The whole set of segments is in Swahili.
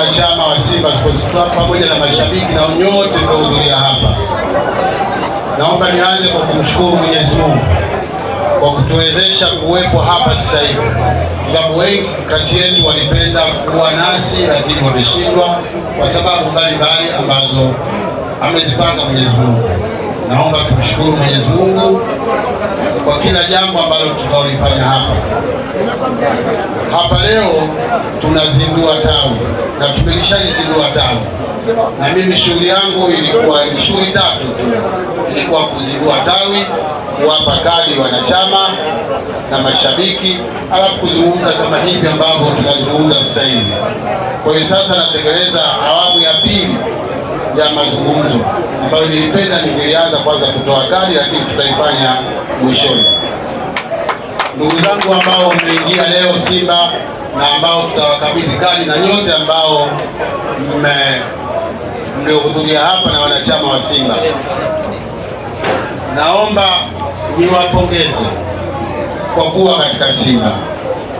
wanachama wa Simba Sports Club pamoja na mashabiki na nyote mliohudhuria hapa, naomba nianze kwa kumshukuru Mwenyezi Mungu kwa kutuwezesha kuwepo hapa sasa hivi, sababu wengi kati yetu walipenda kuwa nasi lakini wameshindwa kwa sababu mbalimbali ambazo amezipanga Mwenyezi Mungu. Naomba tumshukuru Mwenyezi Mungu kwa kila jambo ambalo tutaolifanya hapa hapa. Leo tunazindua tawi na tumelishalizindua tawi, na mimi shughuli yangu ilikuwa ni shughuli tatu, ilikuwa kuzindua tawi, kuwapa kadi wanachama na mashabiki, alafu kuzungumza kama hivi ambavyo tunazungumza sasa hivi. Kwa hiyo sasa natekeleza awamu ya pili ya mazungumzo ambayo nilipenda ningelianza kwanza kutoa kadi, lakini tutaifanya mwishoni. Ndugu zangu ambao mmeingia leo Simba na ambao tutawakabidhi kadi na nyote ambao mliohudhuria hapa na wanachama wa Simba, naomba niwapongeze kwa kuwa katika Simba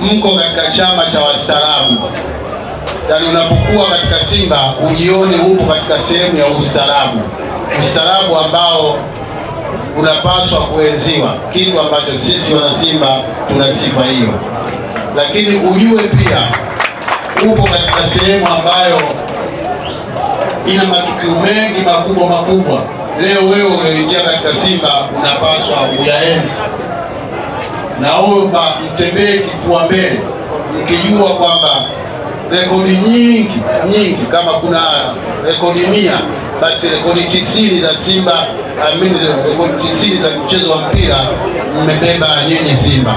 mko katika chama cha wastaarabu, yaani unapokuwa katika Simba ujione upo katika sehemu ya ustaarabu, ustaarabu ambao unapaswa kuenziwa, kitu ambacho sisi wanasimba tuna sifa hiyo. Lakini ujue pia upo katika sehemu ambayo ina matukio mengi makubwa makubwa. Leo wewe ulioingia katika Simba unapaswa uyaenzi, naomba mtembee kifua mbele, mkijua kwamba rekodi nyingi nyingi, kama kuna rekodi mia, basi rekodi tisini za Simba amini tisini za mchezo wa mpira mmebeba nyinyi Simba,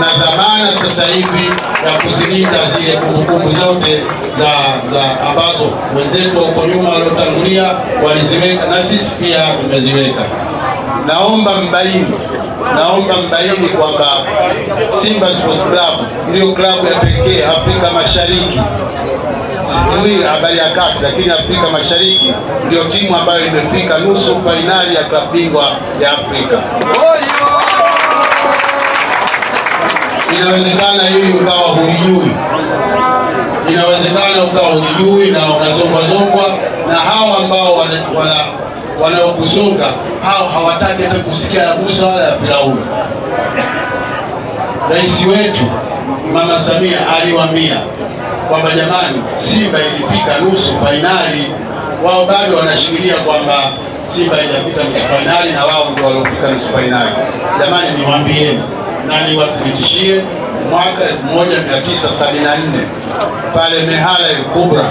na dhamana sasa hivi ya kuzilinda zile kumbukumbu zote za, za ambazo wenzetu huko nyuma waliotangulia waliziweka na sisi pia tumeziweka. Naomba mbaini, naomba mbaini kwamba Simba Sports Club ndiyo klabu ya pekee Afrika Mashariki kuzuia habari ya kati, lakini Afrika Mashariki ndio timu ambayo imefika nusu fainali ya klabu bingwa ya Afrika. Inawezekana hili ukawa hulijui, inawezekana ukawa hulijui na unazongwazongwa na hawa ambao wanaokuzunga hao hawataki hata kusikia la Musa wala ya Firauni. Rais wetu Mama Samia aliwaambia kwamba jamani, Simba ilipika nusu fainali, wao bado wanashikilia kwamba Simba haijapita nusu fainali na wao ndio waliofika nusu fainali. Jamani, niwaambieni na niwathibitishie mwaka 1974 pale Mehala Kubra,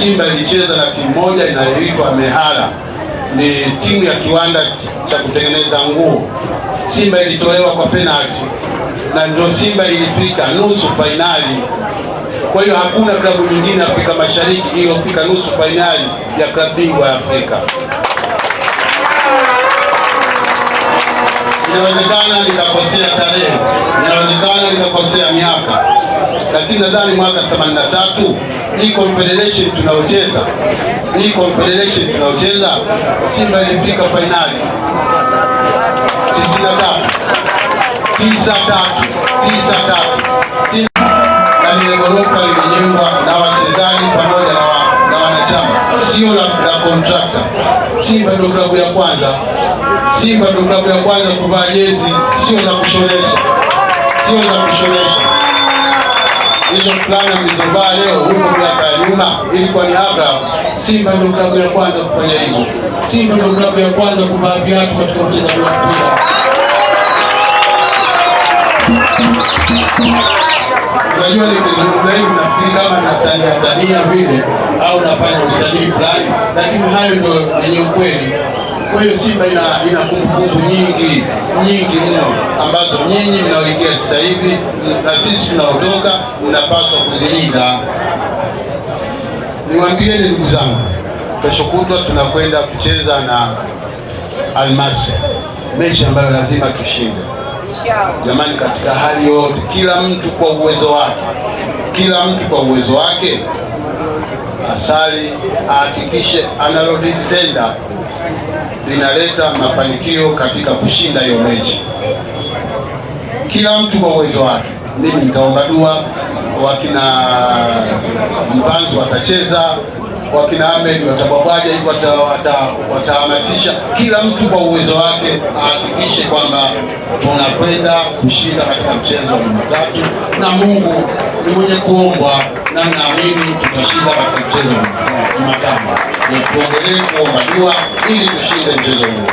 Simba ilicheza na timu moja inayoitwa Mehala, ni timu ya kiwanda cha kutengeneza nguo. Simba ilitolewa kwa penalti na ndio Simba ilifika nusu fainali. Kwa hiyo hakuna klabu nyingine Afrika Mashariki iliyofika nusu fainali ya klabu bingwa ya Afrika. Inawezekana nikakosea tarehe, inawezekana nikakosea miaka, lakini nadhani mwaka 83 hii confederation tunaocheza, hii confederation tunaocheza, Simba ilifika fainali 93 tisa tatu tisa tatu na lile ghorofa lilijengwa na wachezaji pamoja na wanachama, sio la kontrakta. Simba ndio klabu ya kwanza, Simba ndio klabu ya kwanza kuvaa jezi sio za kushonesha, sio za kushonesha. Hizo fulana mlizovaa leo huko miaka ya nyuma ilikuwa ni Abraham. Simba ndio klabu ya kwanza kufanya hivyo. Simba ndio klabu ya kwanza kuvaa viatu katika uchezaji wa mpira. Unajua nikizungumza hivi nafikiri kama nasania tania vile au nafanya usanii fulani, lakini hayo ndio yenye ukweli. Kwa hiyo Simba ina ina kumbukumbu nyingi nyingi mno ambazo nyinyi mnaoingia sasa hivi na sisi tunaotoka mnapaswa kuzilinda. Niwaambieni ndugu zangu, kesho kutwa tunakwenda kucheza na Al mechi ambayo lazima tushinde. Jamani, katika hali yote, kila mtu kwa uwezo wake, kila mtu kwa uwezo wake asali ahakikishe analolitenda linaleta mafanikio katika kushinda hiyo mechi. Kila mtu kwa uwezo wake. Mimi nitaomba dua, wakina Mpanzu watacheza wakina Ahmed watabwabwaja hivyo, watahamasisha kila mtu kwa uwezo wake ahakikishe kwamba tunakwenda kushinda katika mchezo wa Jumatatu, na Mungu ni mwenye kuombwa, na naamini tutashinda katika mchezo wa Jumatano. Tuendelee kuomba dua ili tushinde mchezo huo.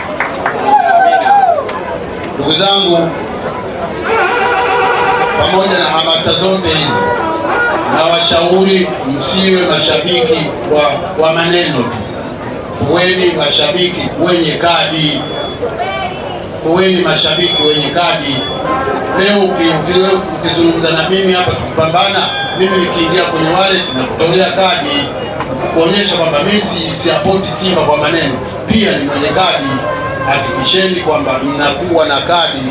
Ndugu zangu, pamoja na hamasa zote hizi na washauri, msiwe mashabiki wa, wa maneno tu, kuweni mashabiki wenye kadi, kuweni mashabiki wenye kadi. Leo ukizungumza na mimi hapa, sikupambana mimi nikiingia kwenye wale nakutolea kadi kuonyesha kwamba mimi siapoti Simba kwa maneno, pia ni mwenye kadi. Hakikisheni kwamba mnakuwa na kadi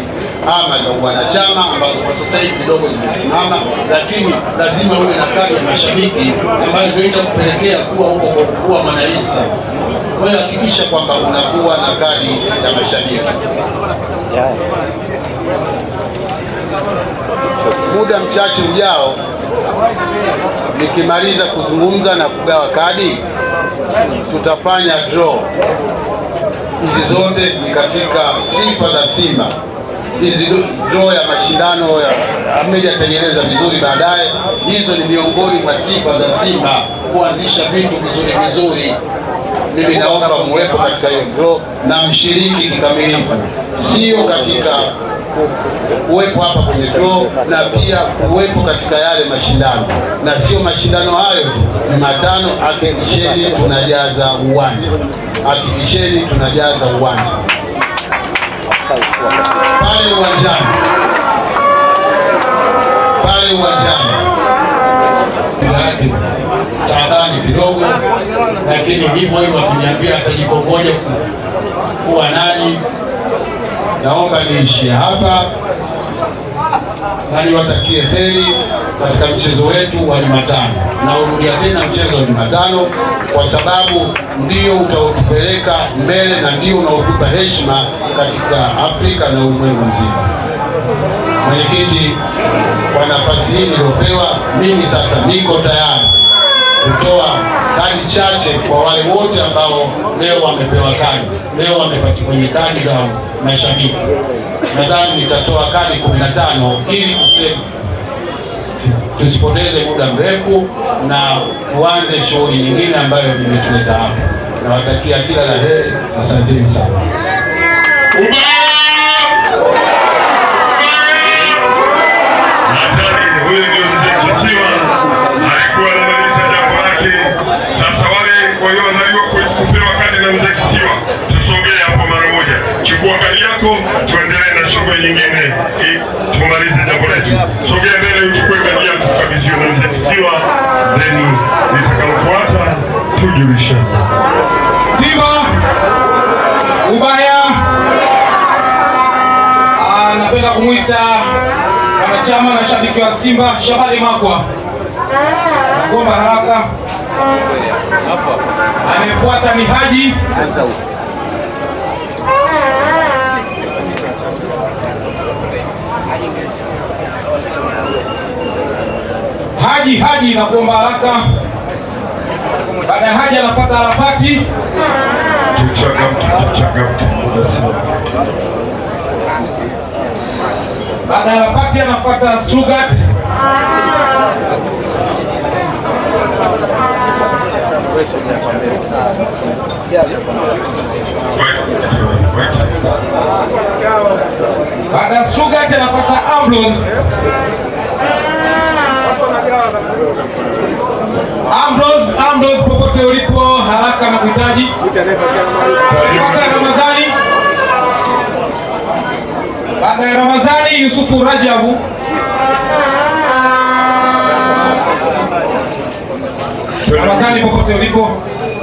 ama ya wanachama ambazo kwa sasa hivi kidogo zimesimama, lakini lazima uwe na kadi ya mashabiki ambayo ndio itakupelekea kuwa huko kwa kuwa mwanaisa. Kwa hiyo hakikisha kwamba unakuwa na kadi ya mashabiki. Muda mchache ujao, nikimaliza kuzungumza na kugawa kadi, tutafanya draw. Hizi zote ni katika sifa za Simba hizi draw ya mashindano ya amejatengeneza vizuri baadaye. Hizo ni miongoni mwa sifa za Simba kuanzisha vitu vizuri vizuri. Mimi naomba muwepo katika hiyo draw na mshiriki kikamilifu, sio katika kuwepo hapa kwenye draw na pia kuwepo katika yale mashindano, na sio mashindano hayo Jumatano. Hakikisheni tunajaza uwanja, hakikisheni tunajaza uwanja haukua pale uwanjani, pale uwanjani tahadhari kidogo, lakini hivyo hivyo akiniambia atajikongoja kuwa nani. Naomba niishie hapa na niwatakie heri katika mchezo wetu wa Jumatano. Naurudia tena mchezo wa Jumatano kwa sababu ndio utaotupeleka mbele na ndio unaotupa heshima katika Afrika na ulimwengu mzima. Mwenyekiti, kwa nafasi hii niliopewa mimi, sasa niko tayari kutoa kadi chache kwa wale wote ambao leo wamepewa kadi, leo wamepati kwenye kadi za mashabiki nadhani nitatoa kadi 15 ili kusema tusipoteze muda mrefu na tuanze shughuli nyingine ambayo imetuleta hapa. Nawatakia kila la heri, asanteni sana. kujulisha siba ubaya. Ah, napenda kumwita wanachama na shabiki wa Simba Shabani Makwa kuomba haraka. Amefuata ni Haji Haji Haji, nakuomba haraka baada ya haja anapata harakati baada ya harakati anapata sugat baada ya sugat anapata ablon Ambrose, popote ulipo, haraka na kuhitaji Ramadhani. Baada ya Ramadhani, Yusufu Rajabu Ramadhani, popote ulipo,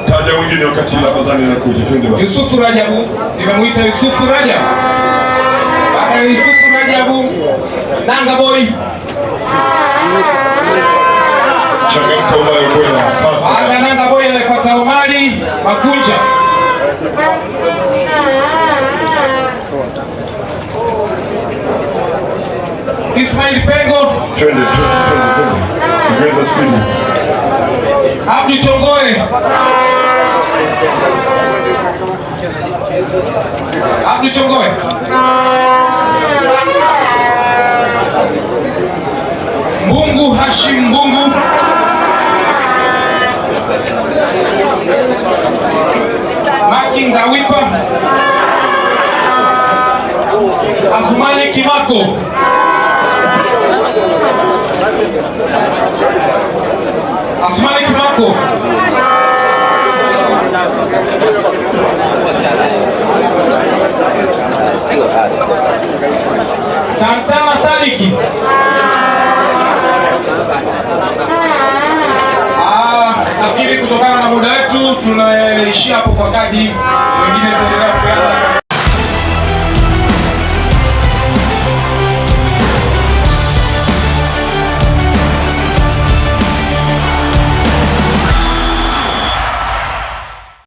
taja wengine wakati Ramadhani inakuja. Twende basi. Yusufu Rajabu, nimemuita Yusufu Rajabu. Baada ya Yusufu Rajabu, Nanga Boy baada boya alipata umali makuja Ismail Pego, Abdi Chongoe, Abdi Chongoe Mbungu Hashim Mbungu Machinga Wipa, Akumane Kimako, Akumane Kimako Santana Saliki tunaishia hapo kwa kadi hivi.